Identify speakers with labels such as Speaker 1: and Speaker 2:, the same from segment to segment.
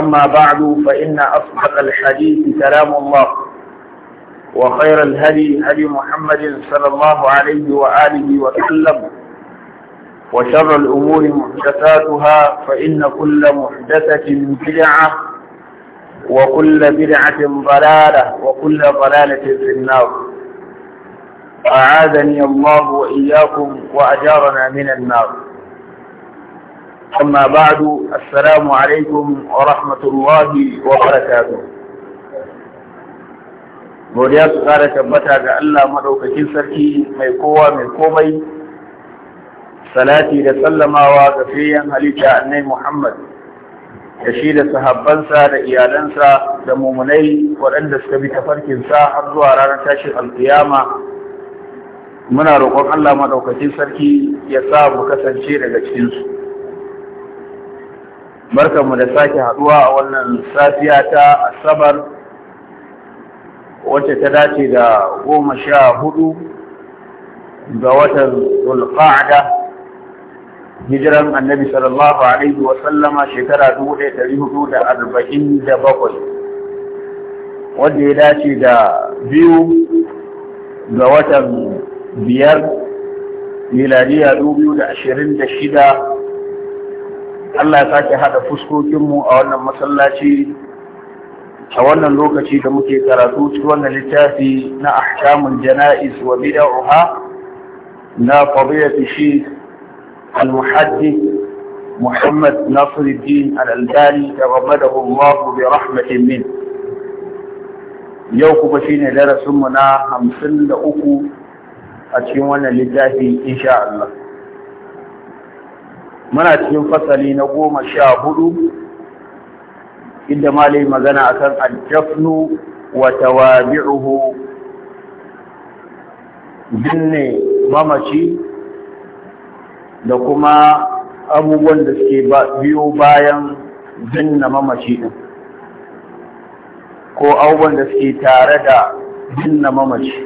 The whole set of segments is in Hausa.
Speaker 1: أما بعد فإن أصبح الحديث كلام الله وخير الهدي هدي محمد صلى الله عليه وآله وسلم وشر الأمور محدثاتها فإن كل محدثة بدعة وكل بدعة ضلالة وكل ضلالة في النار أعاذني الله وإياكم وأجارنا من النار أما بعد السلام عليكم ورحمة الله وبركاته godiya su ƙara tabbata ga Allah maɗaukakin sarki mai kowa mai komai salati da sallamawa ga fiyan halitta annai Muhammad da shi da sahabbansa da iyalansa da mummunai waɗanda suka bi tafarkinsa har zuwa ranar tashin alkiyama muna roƙon Allah maɗaukakin sarki ya sa mu kasance daga cikinsu barkanmu da sake haduwa a wannan safiya ta asabar wacce ta dace da goma sha hudu ga watan zulqa'ada hijiran annabi sallallahu alaihi wa sallama shekara dubu ɗaya ɗari hudu da arba'in da bakwai wanda ya dace da biyu ga watan biyar miladiya dubu da ashirin da shida Allah ya sake haɗa fuskokinmu a wannan masallaci a wannan lokaci da muke karatu cikin wannan littafi na ahkamul jana'iz wa bid'aha na fadilati shi al-muhaddith Muhammad Nasiruddin Al-Albani tabammadahu Allah bi rahmatin min yau kuma shine darasin mu na 53 a cikin wannan littafi insha Allah muna cikin fasali na goma sha hudu inda malai magana akan aljafnu wa tawabi'uhu binne mamaci da kuma abubuwan da suke biyo bayan binne mamaci din ko abubuwan da suke tare da binne mamaci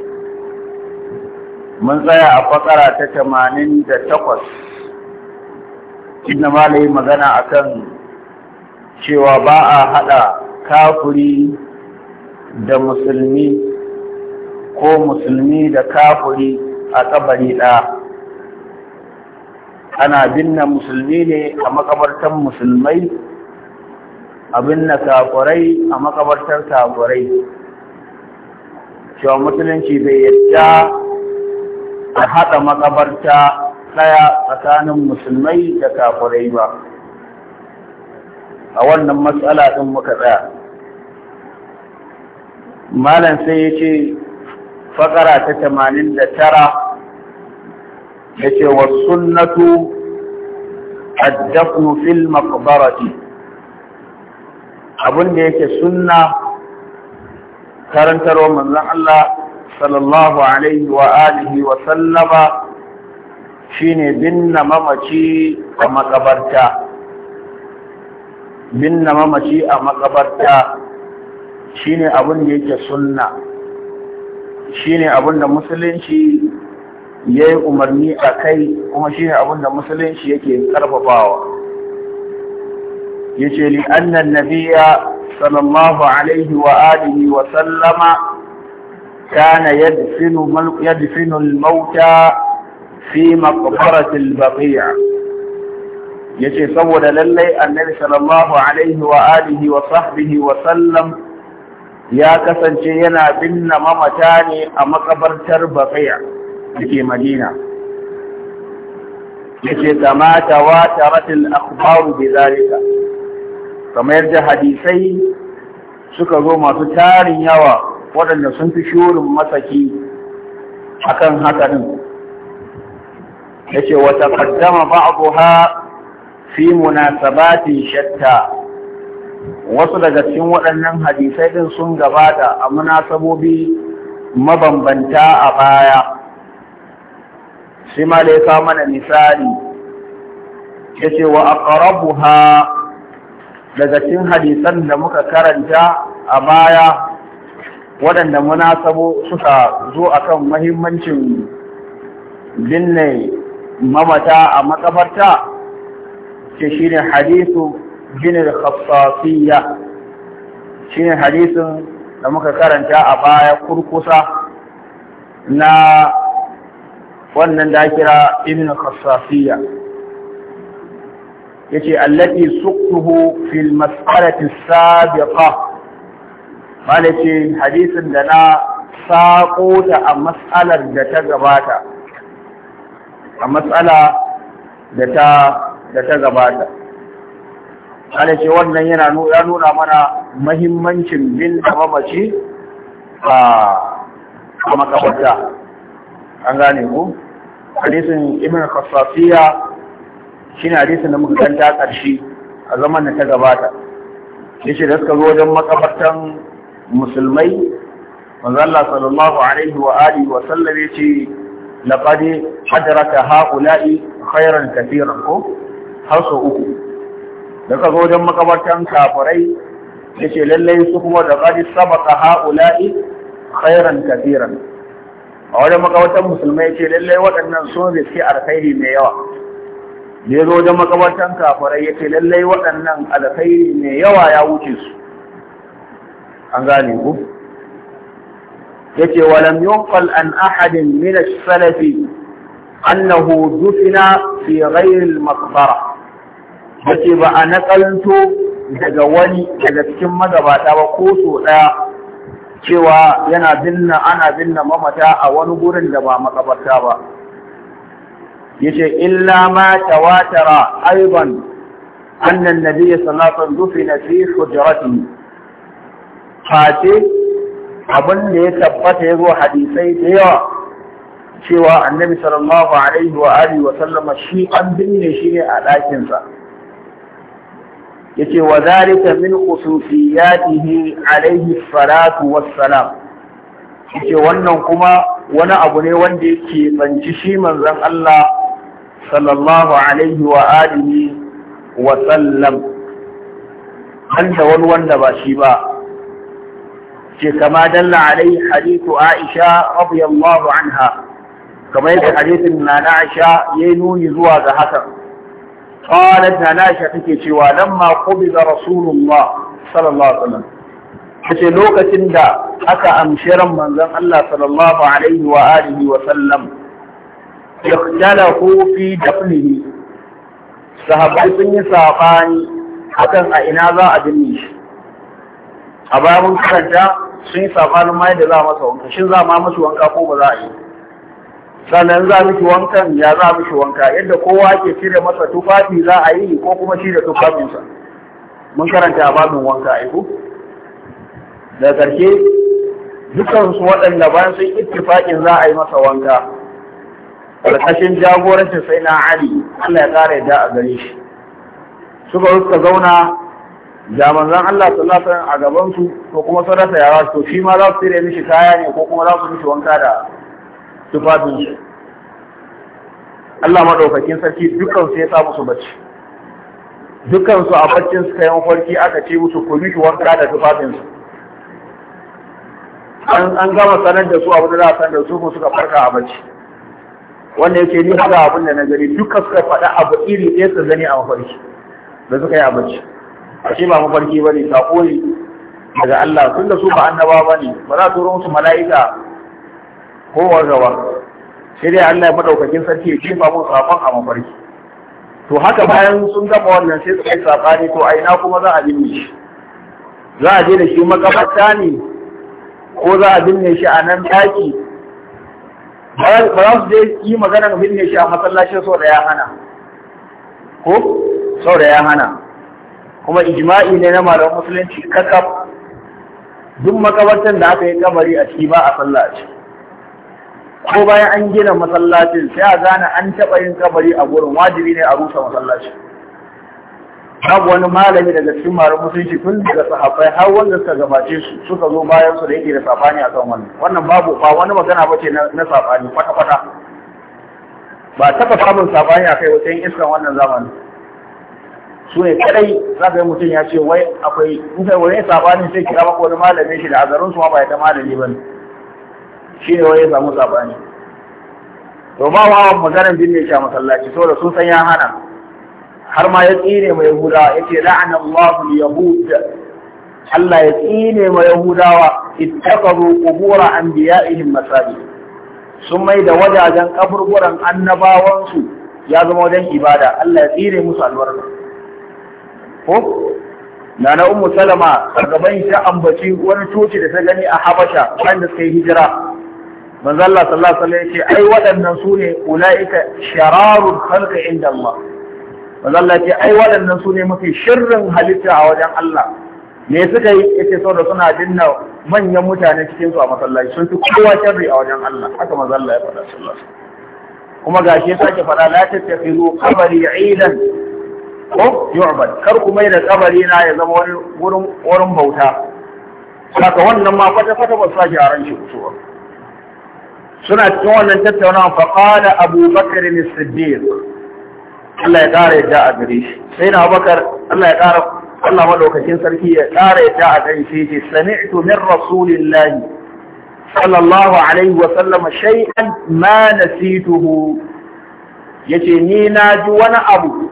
Speaker 1: mun tsaya a fakara ta 88 inda malayi magana akan cewa ba a haɗa kafuri da musulmi ko musulmi da kafuri a kabari ɗaya ana binne musulmi ne a makabartan musulmai a binne kafurai a makabartar kafurai cewa musulunci bai yadda a haɗa makabarta ɗaya tsakanin musulmai da kafirai ba a wannan matsala ɗin muka tsaya malam sai ya ce fakara ta tamanin da tara ya ce wa sunnatu addafnu fil maqbarati abin da yake sunna karantarwa manzon Allah sallallahu alaihi wa alihi wa sallama shine binna mamaci a makabarta binna mamaci a makabarta shine abin da yake sunna shine abin da musulunci ya yi umarni a kai kuma shine abin da musulunci yake karfafawa ce li annan nabiya sallallahu alaihi wa alihi wa sallama kana yadfinu yadfinu al-mauta fi maqbaratil baqi'a yace saboda lallai annabi sallallahu alaihi wa alihi wa sahbihi wa sallam ya kasance yana binna mamata ne a makabartar baqi'a dake madina yace kama wataratil akhbaru bidhalika kamar da hadisai suka zo masu tarin yawa waɗanda sun fi shurin masaki akan hakanin yace wa taqaddama ba'daha fi munasabatin shatta wasu daga cikin waɗannan hadisai din sun gabata a munasabobi mabambanta a baya shi da ya mana misali ce wa aqrabuha daga cikin hadisan da muka karanta a baya waɗanda munasabo suka zo akan mahimmancin binne mamata a makabarta ce shi ne hadisu jinin khasasiyya shi ne hadisun da muka karanta a baya kurkusa na wannan da kira ibn khasasiyya ya ce allati suktuhu fil mas'alati sabiqa malace hadisin da na saƙo ta a mas'alar da ta gabata a matsala da ta da ta gabata ana ce wannan yana nuna nuna mana mahimmancin bin da mamaci a makabarta an gane ku hadisin ibn khassasiya shine hadisin da muka kanta ƙarshe a zaman da ta gabata yace da suka zo wajen makabartan musulmai manzo Allah sallallahu alaihi wa alihi wa sallam yace laqad hadraka haula'i khairan kathiran ko har so uku da wajen makabartan kafirai yace lallai su kuma da qad sabaqa haula'i khairan kathiran a wajen makabartan musulmai yace lallai waɗannan sun riski alkhairi mai yawa da ya zo wajen makabartan kafirai yace lallai waɗannan alkhairi mai yawa ya wuce su an gane ku yace walam yunqal an ahadin min as-salaf annahu dufina fi ghayr al-maqbara yace ba a nakalto daga wani daga cikin magabata ba ko so daya cewa yana binna ana binna mamata a wani gurin da ba makabarta ba yace illa ma tawatara aiban anna an-nabiy sallallahu alaihi wasallam dufina fi hujratihi fate abin da ya tabbata ya zo hadisai da yawa cewa annabi sallallahu alaihi wa alihi wa sallama shi an binne shi ne a ɗakinsa yace wa zalika min khususiyatihi alaihi salatu wassalam yace wannan kuma wani abu ne wanda yake banci shi manzon Allah sallallahu alaihi wa alihi wa sallam wanda wani wanda ba shi ba ce kama dalla alai hadithu Aisha radiyallahu anha kamar yadda hadithin na na Aisha yayi nuni zuwa ga hakan qalat na Aisha take cewa lamma qubida rasulullah sallallahu alaihi wasallam tace lokacin da aka amshi ran manzon Allah sallallahu alaihi wa alihi wa sallam sahabbai sun yi sabani akan a ina za a binne shi a babun karanta sun yi tsafanin mai da za a masa wanka shi za ma mashi wanka ko ba za a yi sannan za miki wankan ya za miki wanka yadda kowa ke cire masa tufafi za a yi ko kuma shi da tufafinsa mun karanta a babin wanka a ko da karshe dukansu waɗanda bayan sun ittifaƙin za a yi masa wanka ƙarƙashin jagorancin sai na ali Allah ya ƙara yadda a gare shi suka suka zauna da manzon Allah sallallahu alaihi wasallam a gaban su ko kuma sun rasa yara to shi ma za su tsire mishi kaya ne ko kuma za su mishi wanka da tufafin shi Allah madaukakin sarki dukkan su ya sa musu bacci dukkan su a baccin suka yi farki aka ce musu ku mishi wanka da tufafin su an gama sanar da su abu da za a sanar da su ko suka farka a bacci wanda yake ni haka abin da na gari dukkan suka faɗa abu iri ɗaya su zane a mafarki da suka yi a bacci ashe ba mafarki bane ka ne daga Allah da su ba annaba bane ba za su musu mala'ika ko wargawa sai dai Allah ya madaukakin sarki ya jefa musu sakon a mafarki to haka bayan sun gama wannan sai su kai sabani to a ina kuma za a binne shi za a je da shi makabarta ne ko za a binne shi a nan daki ba za su je yi magana binne shi a masallacin sau da ya hana ko sau da ya hana kuma ijma'i ne na malaman musulunci kakaf duk makabartar da aka yi kamari a ciki ba a sallah a ciki ko bayan an gina masallacin sai a gane an taɓa yin kamari a gurin wajibi ne a rusa masallaci babu wani malami daga cikin malaman musulunci tun daga sahabbai har wanda suka gabace su suka zo bayan su da yake da safani a kan wannan wannan babu ba wani magana ba ce na safani kwata-kwata ba taɓa samun safani a kai wajen iskan wannan zamanin su ne kadai za ka yi mutum ya ce wai akwai in wani sabanin sai kira maka wani malami shi da azarin su ma ba ya ta malami ba ne shi ne wani ya samu sabani to ba wa maganar binne shi a masallaci saboda sun san ya hana har ma ya tsine mai yahudawa ya ce la'ana Allahu yahud Allah ya tsine mai yahudawa ittakaru qubura anbiya'ihim masajid sun mai da wajajen kaburburan annabawansu ya zama wajen ibada Allah ya tsire musu albarka ko nana ummu salama a gaban ta ambaci wani coci da ta gani a habasha bayan da suka yi hijira manzo Allah sallallahu alaihi wasallam yace ai waɗannan sune ne ulaika shararul khalqi inda Allah manzo Allah yace ai waɗannan sune mafi sharrin halitta a wajen Allah me suka yi yace saboda suna dinna manyan mutane cikin su a masallaci sun fi kowa sharri a wajen Allah haka manzo Allah ya faɗa sallallahu alaihi wasallam kuma gashi ya sake faɗa la tattakhidhu qabri idan ko yu'bad kar ku mai da kabari na ya zama wani wurin wurin bauta saka wannan ma kwata kwata ba su sake a ranci ba. suna cikin wannan tattaunawa fa qala Abu Bakr as-Siddiq Allah ya kara yadda a gare shi sai na Abubakar Allah ya kara Allah madaukakin sarki ya kara yadda a gare shi ce sami'tu min rasulillahi sallallahu alaihi wa sallam shay'an ma nasituhu yace ni na ji wani abu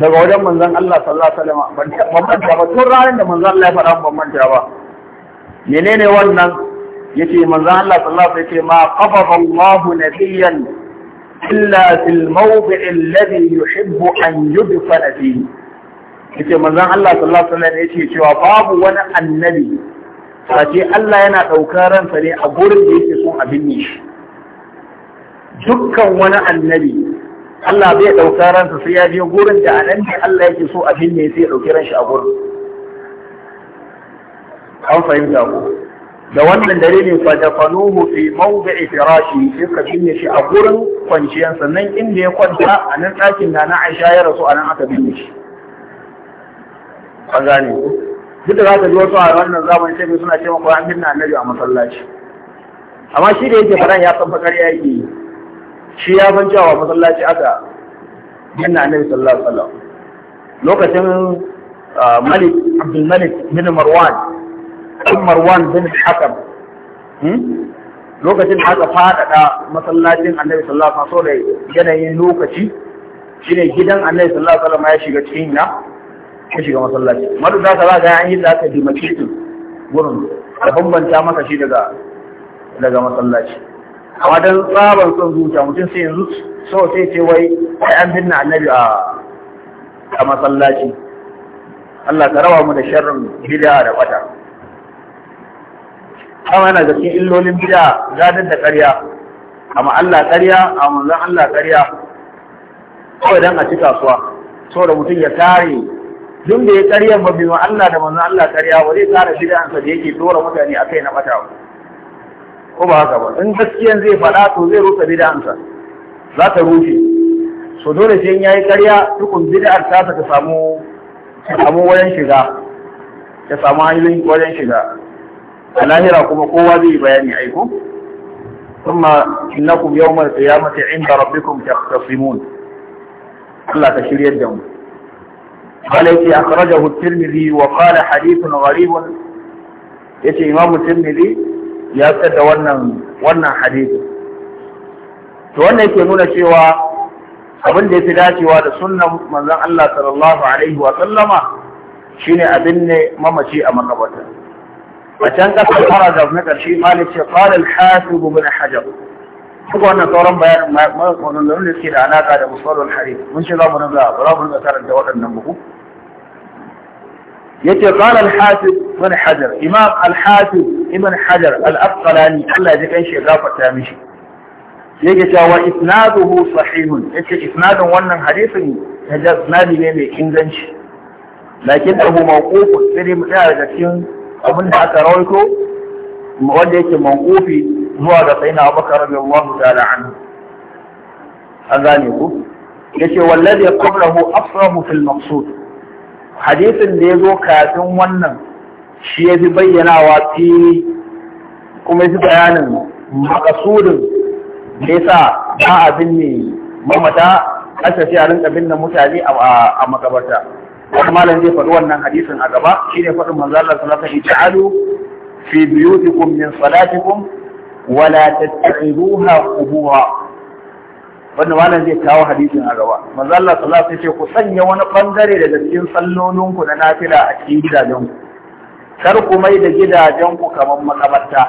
Speaker 1: daga wajen manzan Allah sallallahu alaihi wasallam ban manta ba tun ranar da manzan Allah ya faɗa ban manta ba menene wannan yace manzan Allah sallallahu alaihi wasallam yace ma qafafa Allahu nabiyyan illa fil mawdi'i alladhi yuhibbu an yudfana fihi yace manzon Allah sallallahu alaihi wasallam yace cewa babu wani annabi sace Allah yana daukar ransa ne a gurin da yake so a binne shi dukkan wani annabi Allah zai ɗauka ransa sai ya je gurin da anan ne Allah yake so a ne sai ya ɗauki ran shi a gurin an fahimta ku. da wannan dalilin fa da fanuhu fi mawdi'i firashi sai ka binne shi a gurin kwanciyar sannan inda ya kwanta a nan ɗakin na na Aisha ya rasu a nan aka binne shi an gane ku. duk da za ka ji wasu a wannan zamani sai suna cewa ko an binne annabi a masallaci amma shi da yake faɗan ya san fakar yake yi shi ya san cewa masallaci aka yana na sallallahu alaihi wasallam lokacin ah, malik abdul malik bin marwan bin marwan bin hakam hmm? lokacin da aka faɗaɗa masallacin annabi sallallahu alaihi wasallam da yanayin lokaci shine gidan annabi sallallahu alaihi wasallam ya shiga cikin na ya shiga masallaci madu da ka ga an yi da aka dimaki gurin da bambanta maka shi daga daga masallaci amma wajen tsaban son zuciya mutum sai yanzu so sai ce wai ai an binna annabi a a masallaci Allah ka rawa mu da sharrin bid'a da bata amma yana gaske illolin bid'a gadar da ƙarya amma Allah ƙarya a manzon Allah ƙarya kawai dan a ci kasuwa da mutum ya tare duk da ya karyan ba Allah da manzon Allah karya wa zai kare bid'a da yake dora mutane akai na bata ko ba haka ba in gaskiyan zai faɗa to zai rusa bid'ansa za ta rushe so dole sai yayi ƙarya tukun bid'ar ta ta samu samu wajen shiga ta samu hanyoyin wajen shiga a lahira kuma kowa zai bayani aiko ثم إنكم يوم القيامة عند ربكم تختصمون الله تشري الدم التي أخرجه الترمذي وقال حديث غريب يتي إمام الترمذي ya fitar da wannan wannan hadisi to wannan yake nuna cewa abin da yafi dacewa da sunnan manzon Allah sallallahu alaihi wa sallama shine abin ne mamaci a makabarta a can kasar paragraph na karshe malik ce qala al-hasib ibn hajar kuma wannan sauran bayanin maganganun da suke da alaka da musalul hadith mun ce za mu rinka za mu rinka karanta waɗannan buku yace qala al-hasib ibn hajar imam al-hasib ibn hajar al-asqalani Allah ji kanshi ya gafarta mishi yake cewa isnaduhu sahihun ce isnadun wannan hadisin ya isnadi ne mai inganci lakin abu mawqufun sai mu tsaya da cikin abin da aka rawaito wanda yake mawqufi zuwa ga sayyidina Abubakar radiyallahu ta'ala anhu an gane ku
Speaker 2: Ya yace wallazi qablahu
Speaker 1: asrahu fil maqsud hadisin da ya zo kafin wannan shi ya fi bayyanawa fili kuma ya fi bayanin makasudin da yasa ba a binne mamata aka ce a rinka binne mutane a makabarta wani malam zai faɗi wannan hadisin a gaba shi ne faɗin manzo Allah sallallahu alaihi wasallam ta'alu fi biyutikum min salatikum wa la tattakhidhuha qubura wannan malam zai kawo hadisin a gaba manzo Allah sallallahu ce ku sanya wani bangare daga cikin sallolinku na nafila a cikin gidajenku kar ku mai da ku kamar makabarta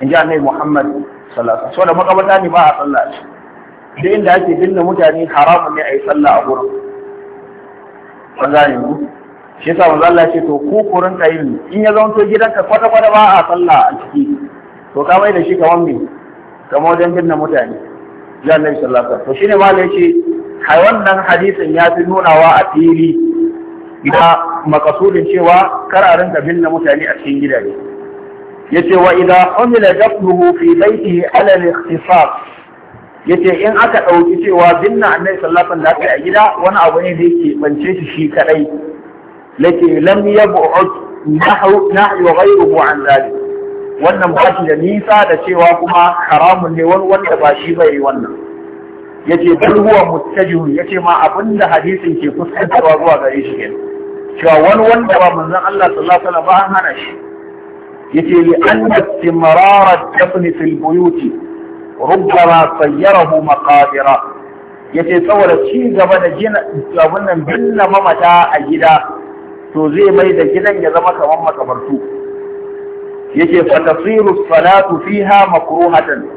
Speaker 1: in ji annabi Muhammad sallallahu alaihi wasallam makabarta ne ba a sallah shi ciki duk inda ake binne mutane haramun ne a yi sallah a gurin kun gane mu. shi yasa manzo Allah ce to ku kurin rinka yin in ya zanto gidanka kwata kwata ba a sallah a ciki to ka mai da shi kamar me kamar wajen binne mutane ji annabi sallallahu alaihi wasallam to shine malai ce wannan hadisin ya fi nunawa a fili Ina makasudin cewa kar a rinka binne mutane a cikin gidaje yace wa idza umila dafnuhu fi baytihi ala al-ikhtisas yace in aka dauki cewa binne annabi sallallahu alaihi wasallam a gida wani abu ne da yake bance shi shi kadai lake lam yab'ud nahyu nahyu ghayruhu an zalik wannan ba shi da nisa da cewa kuma haramun ne wani wanda ba shi bai wannan yace bal huwa muttajihun yace ma abinda hadisin ke fuskantarwa zuwa gare shi kenan cewa wani wanda ba manzon Allah sallallahu alaihi ba an hana shi yace li anna istimrara dafn fil buyut rubbama sayyarahu maqadira yace saboda ci gaba da gina abun nan binna mamata a gida to zai mai da gidan ya zama kamar makabartu yake fatasiru salatu fiha makruhatan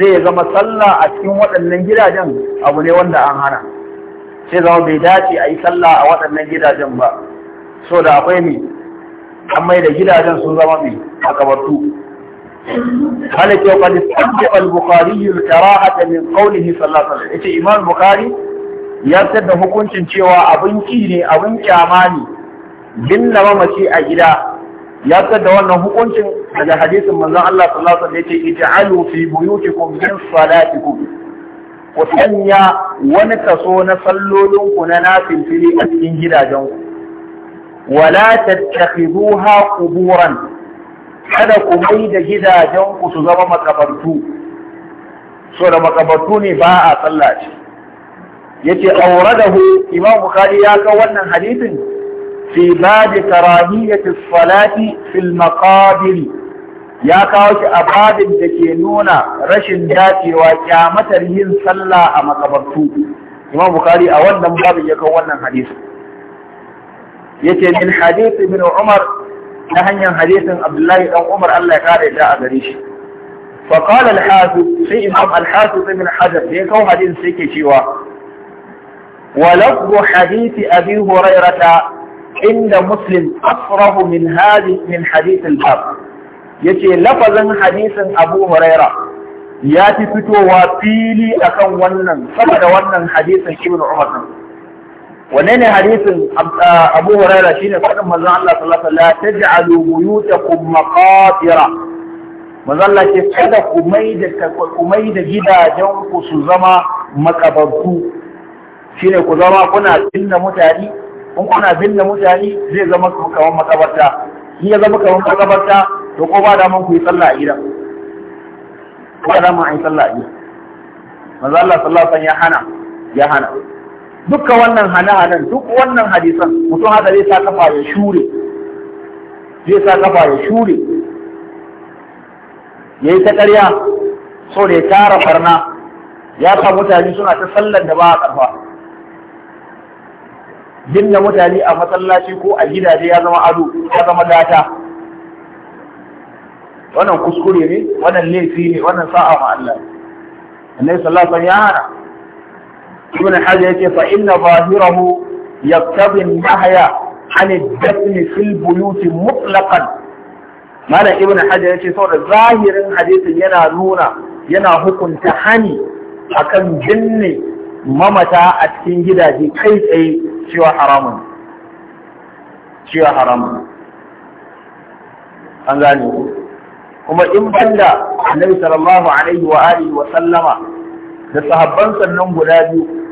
Speaker 1: sai ya zama sallah a cikin waɗannan gidajen abu ne wanda an hana sai zama bai dace a yi sallah a waɗannan gidajen ba so da akwai ne an mai da gidajen sun zama mai makabartu halake wa kadi sabbi al-bukhari al-karahata min qawlihi sallallahu ya ce Iman bukhari ya da hukuncin cewa abin ki ne abin kyama ne binna mamaci a gida ya da wannan hukuncin daga hadisin manzan Allah sallallahu ya ce ita, alu fi buyutikum min salati ku sanya wani kaso na sallolinku na fili a cikin gidajenku wala tattakhiduha quburan kada ku mai da gidajen ku su zama makabartu so da makabartu ne ba a sallah ce yace awradahu imam bukhari ya ga wannan hadisin fi babi karahiyati salati fil maqabir ya kawo shi a babin da ke nuna rashin dacewa kyamatar yin sallah a makabartu imam bukhari a wannan babin ya kawo wannan hadithin. yace min hadith ibn umar ta hanyar hadisin abdullahi dan umar Allah ya kare da a gare shi fa qala al hafiz sai imam al hafiz ibn hajar da kawo hadisin sai yake cewa wa lafzu hadith abi hurairata inda muslim asrahu min hadith min hadith al bab yace lafazin hadisin abu huraira ya fi fitowa fili akan wannan saboda wannan hadisin ibn umar wanne ne hadisin ah, Abu Huraira shine faɗin mazan Allah sallallahu alaihi wasallam taj'alu buyutakum maqatira manzon Allah kada ku mai da ku mai da gidajen ku su zama makabartu shine ku zama kuna binne mutane kun kuna binne mutane zai zama kamar makabarta in ya zama kamar makabarta to ko ba da mun ku yi sallah a gida ko da mun yi sallah a gida manzon Allah sallallahu alaihi wasallam ya hana ya hana Dukka wannan hane-hanen duk wannan hadisan mutum haka zai sa kafa ya shure zai sa kafa ya shure ya yi ta ƙarya so da ya tara farna ya sa mutane suna ta sallar da ba a ƙarfa binne mutane a masallaci ko a gidaje ya zama ado ya zama gata wannan kuskure ne wannan laifi ne wannan sa'a ma Allah sallallahu alaihi wasallam ya ibn hajar yace fa inna zahirahu yaqtabi an-nahya an ad-dafn fil buyut mutlaqan malam ibn hajar yace saboda zahirin hadisin yana nuna yana hukunta hani akan jinni mamata a cikin gidaje kai tsaye cewa haramun cewa haramun an gane ku kuma in banda annabi sallallahu alaihi wa alihi wa sallama da sahabban sannan guda biyu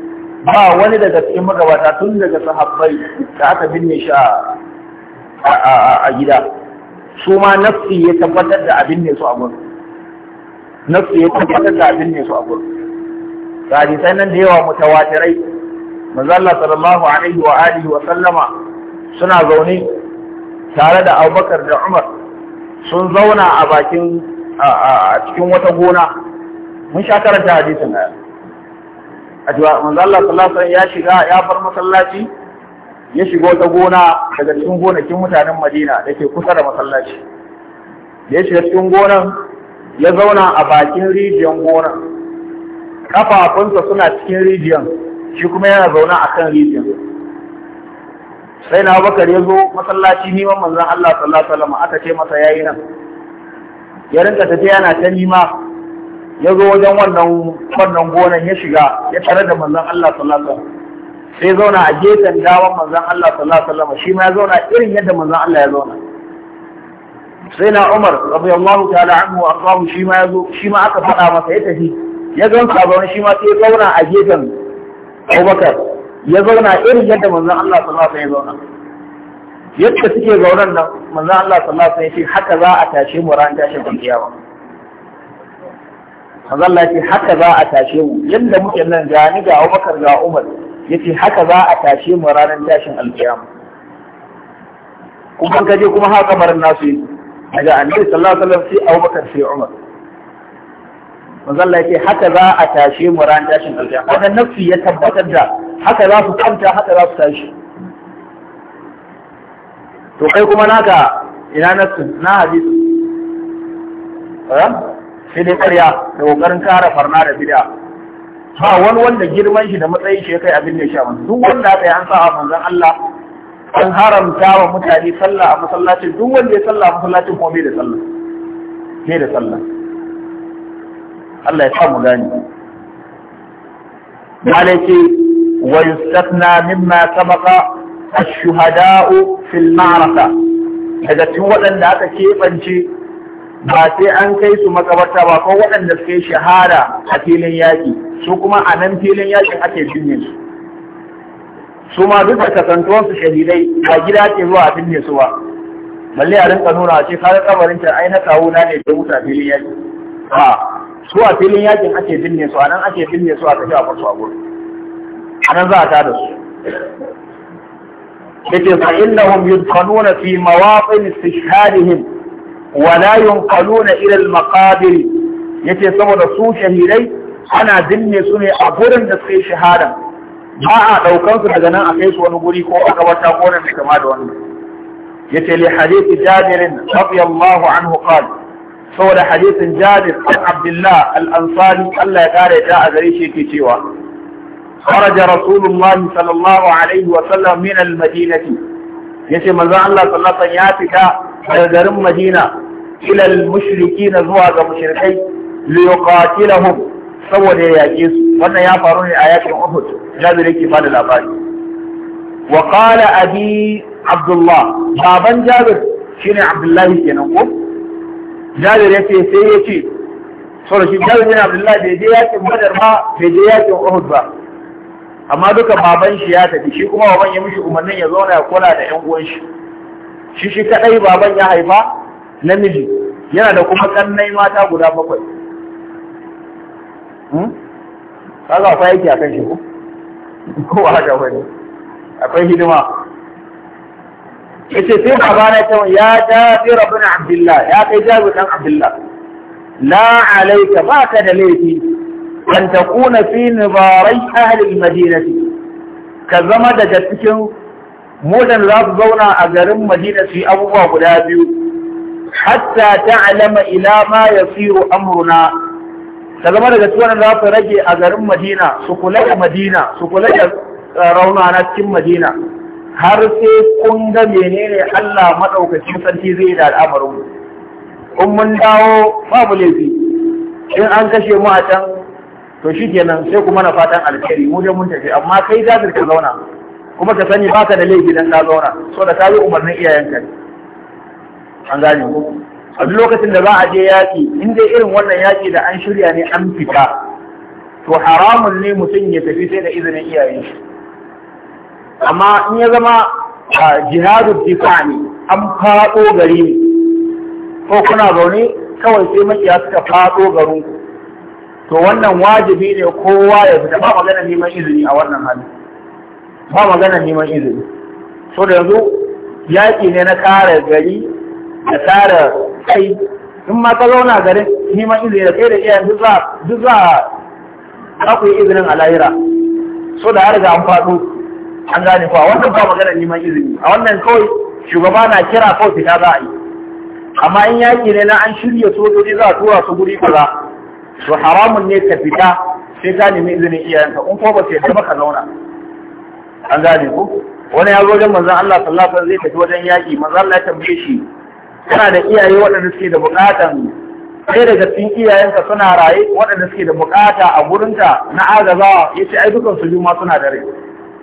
Speaker 1: ba wani daga cikin magabata tun daga sahabbai da aka binne shi a gida su ma nafsi ya tabbatar da abin ne su a gudu. nafsi ya tabbatar da abin ne su a ga hadisai nan da yawa mutawatirai manzo sallallahu alaihi wa alihi wa sallama suna zaune tare da Abubakar da Umar sun zauna a bakin a cikin wata gona mun sha karanta hadisin nan a cewa Allah sallallahu alaihi ya shiga ya bar masallaci ya shiga wata gona daga cikin gonakin mutanen Madina da ke kusa da masallaci da ya shiga cikin gonan ya zauna a bakin rijiyar gonan kafafunsa suna cikin rijiyar shi kuma yana zaune a kan rijiyar sai na bakar ya zo masallaci neman manzan Allah sallallahu alaihi wasallam aka ce masa yayi nan ya rinka tafiya yana ta nima ya zo wajen wannan wannan gonan ya shiga ya tare da manzon Allah sallallahu alaihi wasallam sai zauna a gefen dawan manzon Allah sallallahu alaihi wasallam shi ma ya zauna irin yadda manzon Allah ya zauna sai na Umar radiyallahu ta'ala anhu arzahu shi ma ya zo shi ma aka faɗa masa ya tafi ya zo ka zauna shi ma sai ya zauna a gefen Abubakar ya zauna irin yadda manzon Allah sallallahu alaihi wasallam ya zauna yadda suke zauren nan manzon Allah sallallahu alaihi wasallam ya ce haka za a tashe mu ran tashin kiyama manzon ce haka za a tashe mu yadda muke nan ga ni ga Abubakar ga Umar yace haka za a tashe mu ranar tashin alkiyama kuma kaje kuma haka kamarin nasu yi daga annabi sallallahu alaihi wasallam sai Abubakar sai Umar manzon ce haka za a tashe mu ranar tashin alkiyama wannan nafsi ya tabbatar da haka za su kwanta haka za su tashi to kai kuma naka ina nafsin na hadisi sai dai ƙarya da ƙoƙarin kare farna da bid'a ba wani wanda girman shi da matsayin shi ya kai abin da ya sha duk wanda aka yi an sa a manzon Allah an haramta wa mutane sallah a masallacin duk wanda ya sallah a masallacin kuma bai da sallah bai da sallah Allah ya sa mu gani malaki wa yustatna mimma sabaqa ash-shuhada'u fil ma'raka daga cikin waɗanda aka keɓance ba sai an kai su makabarta ba ko waɗanda suka yi shahara a filin yaƙi su kuma a nan filin yaƙin ake binne su su ma duk da kasantuwar su shahidai ba gida ake zuwa a binne su ba balle a rinka nuna ce kaga kabarin ta ai na kawo na ne da wuta filin yaƙi ba su a filin yaƙin ake binne su a nan ake binne su a tafiya a farsu a gurin a nan za a tada su yake fa innahum yudfanuna fi mawaqin istishhadihim wala yunqaluna ila al-maqabir yace saboda su shahidai ana binne su ne a gurin da suka yi shahada ba a daukan su daga nan a kai su wani guri ko a gabata ko nan kama da wannan yace li hadith Jabir radiyallahu anhu qala saboda hadithin Jabir bin Abdullah al-Ansari Allah ya kare ta a gare shi yake cewa خرج رسول الله صلى الله عليه وسلم من المدينة yace manzon Allah sallallahu alaihi wasallam ya fita daga garin Madina ilal al-mushrikina zuwa ga mushrikai li yuqatilahum saboda ya yake su wannan ya faru ne a yakin Uhud Jabir yake bada labari wa qala abi Abdullah baban Jabir shine Abdullah kenan ko Jabir yace sai yace saboda shi Jabir bin Abdullah bai je yakin Badar ba bai je yakin Uhud ba amma duka baban shi ya tafi shi kuma baban ya mishi umarnin ya zauna ya kula da 'yan uwan shi shi shi kadai baban ya haifa namiji yana da kuma kannai mata guda bakwai hmm? kaga akwai aiki a kan shi ko ko haka wani akwai hidima yace sai babana ta ya jabir rabin abdullah ya kai jabir dan abdullah la alayka ba ka da laifi an takuna fi nibarai ahalin almadinati ka zama daga cikin modan za su zauna a garin madina abubuwa guda biyu hatta ta'lama ila ma yasiru amurna, ta zama daga ciwon wanda za su rage a garin Madina su kula da Madina su kula da eh, rauna na cikin Madina har sai kun ga menene Allah madaukakin sarki zai da al'amarin in mun dawo babu laifi in an kashe mu a can to shi kenan sai kuma na fatan alheri mu dai mun tafi amma kai zafir ka zauna kuma ka sani baka da laifi dan ka zauna so da ka yi umarnin iyayenka ne an gane ku a duk lokacin da za a je yaƙi in dai irin wannan yaƙi da an shirya ne an fita to haramun ne mutum ya tafi sai da izinin iyaye. shi amma in ya zama jihadu difa ne an faɗo gari ne ko kuna zaune kawai sai makiya suka faɗo garin ku to wannan wajibi ne kowa ya fita ba magana neman izini a wannan hali ba magana neman izini so da yanzu yaƙi ne na kare gari da tsara kai in ma ka zauna garin neman izini da kai da iya duk za duk za a ku izinin a lahira so da har ga an faɗo an gane kuwa wannan ba magana neman izini a wannan kawai shugaba na kira kawai fita za a yi amma in yaƙi ne na an shirya sojoji za a tura su guri kaza to haramun ne ka fita sai ka nemi izinin iyayenka in ko ba sai ka maka zauna an gane ku wani ya zo wajen manzon Allah sallallahu alaihi wasallam zai tafi wajen yaƙi manzon Allah ya tambaye shi kana da iyaye waɗanda suke da buƙatan sai daga cikin iyayenka suna raye waɗanda suke da buƙata a gurinta na agazawa ya ce ai dukan su juma suna da rai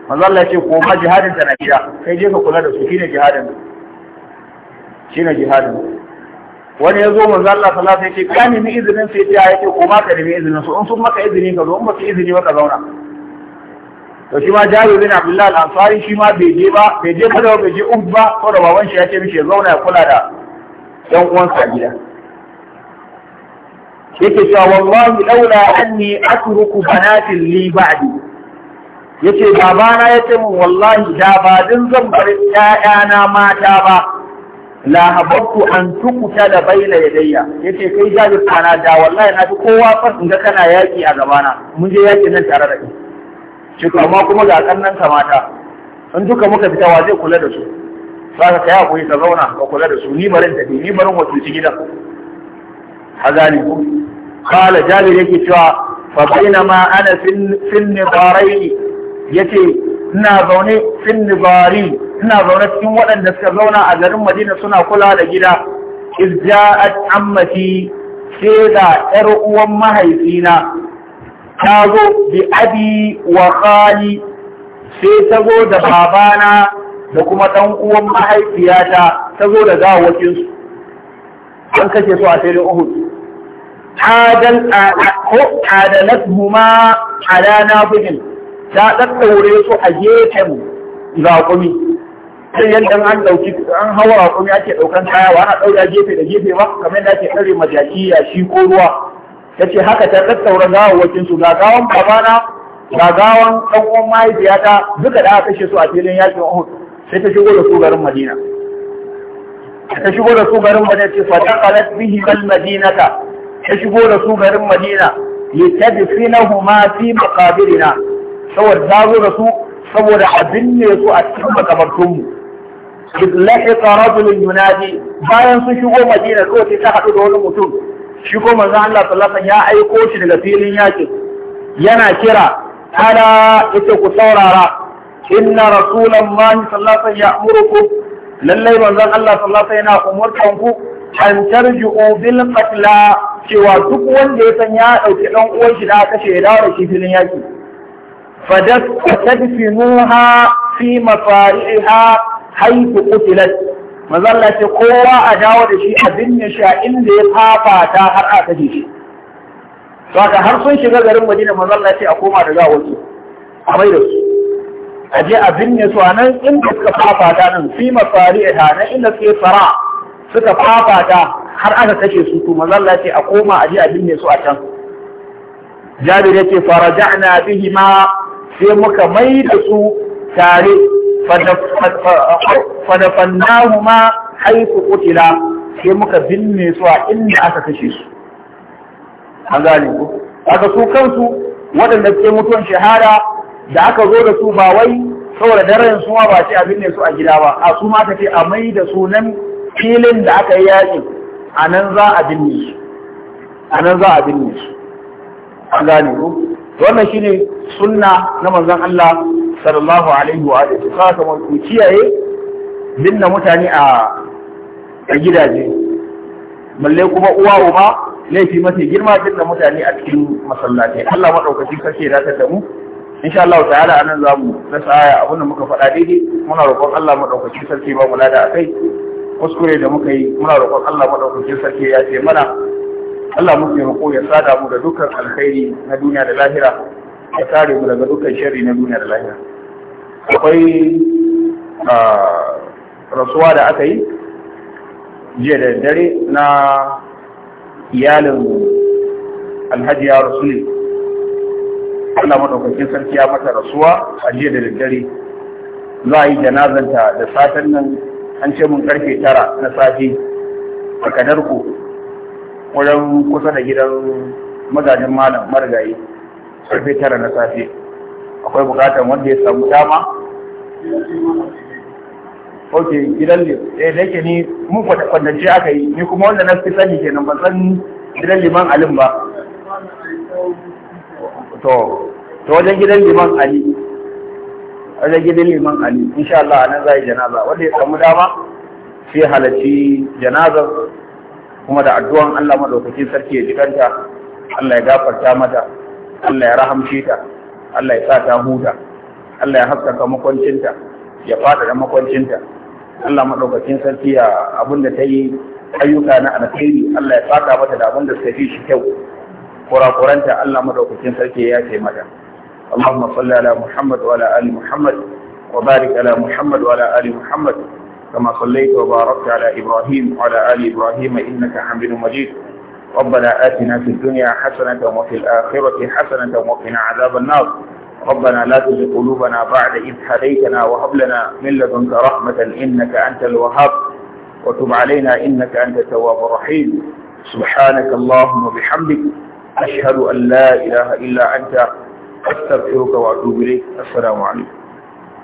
Speaker 1: manzo Allah ya ce ko ma jihadin ta na gida kai je ka kula da su shine jihadin shine jihadin wani ya zo manzo Allah sallallahu alaihi wasallam ya ce ka nemi izinin su ya ce ko ma ka nemi izinin su in sun maka izini ka zo in ba su izini ba ka zauna to shi ma jari bin abdullahi al-ansari shi ma bai je ba bai je kada bai je uf ba ko da baban shi ya ce mishi ya zauna ya kula da yan uwansa gida yake cewa wallahi laula anni atruku banatin li ba'di yace babana yace min wallahi da ba din zan bar ƴaƴana mata ba la habattu an tukuta da baina yadayya yace kai jabi kana da wallahi na fi kowa fas in kana yaki a gabana mun je yaki nan tare da shi shi amma kuma ga kannan mata in duka muka fita wa zai kula da su Za ka kai hakuri ka zauna ka kula da su ni barin tafi ni barin wakilci gidan hazali ko kala jabir yake cewa fa ma ana fil nibarai yace ina zaune fil nibari ina zaune cikin waɗanda suka zauna a garin Madina suna kula da gida iz ja'at ammati sai da ƴar uwan mahaifina ta zo bi abi wa khali sai ta zo da babana da kuma ɗan uwan mahaifiyata ta zo da su an kashe su a filin Uhud hadal ko hadalat huma ala nafihin ta daddaure su a gefen raƙumi sai yadda an dauki an hawa zaƙumi ake daukan kaya wa ana daura gefe da gefe ba kamar da ake ma majaki shi ko ruwa tace haka ta daddaura gawawakin su ga gawan babana ga gawan ɗan uwan mahaifiyata duka da aka kashe su a filin yakin Uhud sai ta shigo da su garin madina ta shigo da su garin madina ce fata qalat bihi al madinata ta shigo da su garin madina litadfinahuma fi maqabirina saboda ta zo da su saboda a binne su a cikin makabartunmu إذ لحق رجل ينادي bayan sun shigo madina ko sai ta haɗu da wani mutum Shigo ko manzo Allah sallallahu alaihi ya aiko shi daga filin yaƙi yana kira ala ita ku saurara inna mani sallata ya ya'murukum lallai manzon Allah sallata yana umurtan ku an tarji bil cewa duk wanda ya san ya ɗauki dan uwan shi da aka ya dawo da shi filin yaki Fadas tadfinuha fi mafariha haythu qutilat manzon Allah ce kowa a dawo da shi abin ya sha inda ya ta har a shi saka har sun shiga garin Madina manzon Allah a koma da za a mai da su Aje a binne su a nan inda suka fafata nan fi mafari a nan inda suke fara suka fafata har aka kashe su to manzo Allah ce a koma aje a binne su a can Jabir yake faraja'na bihima sai muka mai da su tare fadafannahuma haifu kutila sai muka binne su a inda aka kashe su an gane ku aka su kansu waɗanda ke mutuwan shahada. da aka zo da su ba wai saboda daren suwa ba ce abin ne su a gida ba a su ma ta ce a mai da sunan filin da aka yi yaƙi a nan za a binne shi a za a binne shi an gane ku wannan shine sunna na manzon Allah sallallahu alaihi wa alihi sai kamar ku kiyaye binne mutane a gidaje balle kuma uwa uba laifi mafi girma binne mutane a cikin masallatai Allah madaukakin sarki da da mu insha Allah ta'ala anan zamu dasa aya abin da muka faɗa daidai muna roƙon Allah madaukakin sarki ba mu lada akai kuskure da muka yi muna roƙon Allah madaukakin sarki ya ce mana Allah mu taimako ya sada mu da dukkan alkhairi na duniya da lahira ya kare mu daga dukkan sharri na duniya da lahira akwai rasuwa da aka yi jiya da dare na iyalin alhaji ya rasuli Allah madaukakin sarki ya mata rasuwa a jiya da daddare za a yi janazanta da satan nan an ce mun karfe tara na safe a ku wurin kusa da gidan magajin malam marigayi karfe tara na safe akwai bukatar wanda ya samu dama ok gidan ne eh, da yake ni mun kwatance aka yi ni kuma wanda na fi sani kenan ban san gidan liman alim ba to to wajen gidan liman ali wajen gidan liman ali insha Allah nan za yi janaza wanda ya samu dama sai halarci janazar kuma da addu'an Allah madaukakin sarki ya jikanta Allah ya gafarta mata Allah ya rahamce ta Allah ya sa ta huta Allah ya haskaka makwancinta ya faɗaɗa makwancinta Allah madaukakin sarki ya abinda ta yi ayyuka na alkhairi Allah ya saka mata da abinda suka fi shi kyau kurakuranta Allah madaukakin sarki ya ce mata Allahumma salli ala Muhammad wa ala ali Muhammad wa barik ala Muhammad wa ala ali Muhammad kama sallaita wa barakta ala Ibrahim wa ala ali Ibrahim innaka ربنا آتنا في الدنيا حسنة وفي الآخرة حسنة وقنا عذاب النار ربنا لا تزغ قلوبنا بعد إذ هديتنا وهب لنا من لدنك رحمة إنك أنت الوهاب وتب علينا إنك أنت التواب الرحيم سبحانك اللهم وبحمدك ashhadu an la ilaha illa anta astaghfiruka wa atubu ilayk assalamu alaikum